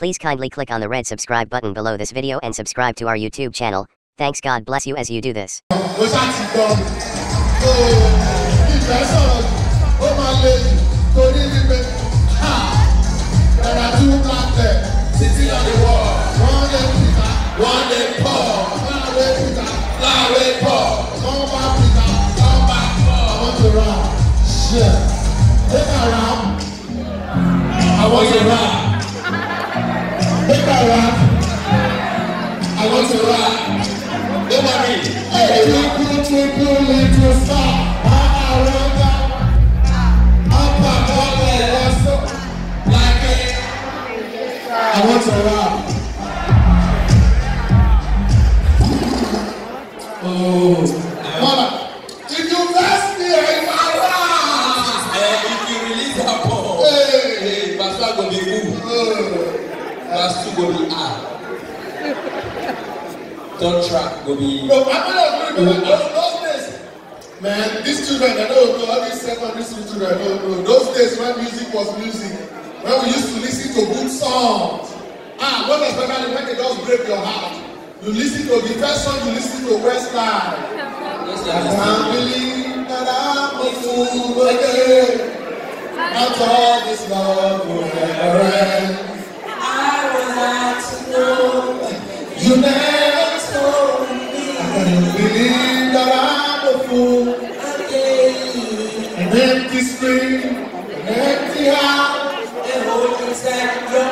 Please kindly click on the red subscribe button below this video and subscribe to our YouTube channel. Thanks God bless you as you do this. One day one day Paul, Paul. I want to laugh. Oh. Mama, if you mess me, I will laugh. Uh, if you release that ball, hey, hey, Pastor go be who? Pastor go be ah third track go be. no i no dey agree with those those days man these children I no know all these secondary school children no know those days when music was music when we used to listen to good songs ah what most especially when they just break your heart you listen to the first song you lis ten to westlife believe that i'm a fool again after all this love we have read.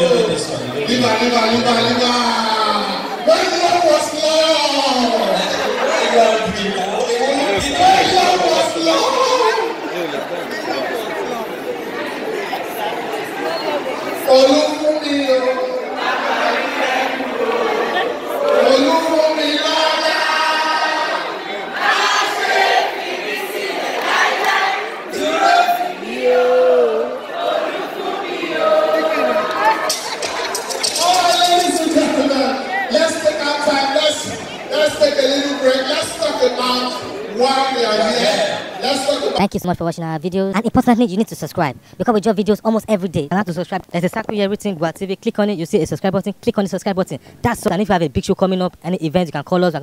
deliver this one. Liver, liver, liver, liver. When love was love. When love was love. Olúwa. Let's take a little break. Let's talk about why we are here. Let's talk about Thank you so much for watching our videos. And importantly, you need to subscribe because we drop videos almost every day. And how to subscribe? There's exactly everything. Gua TV. Click on it. You see a subscribe button. Click on the subscribe button. That's all. And if you have a big show coming up, any event, you can call us.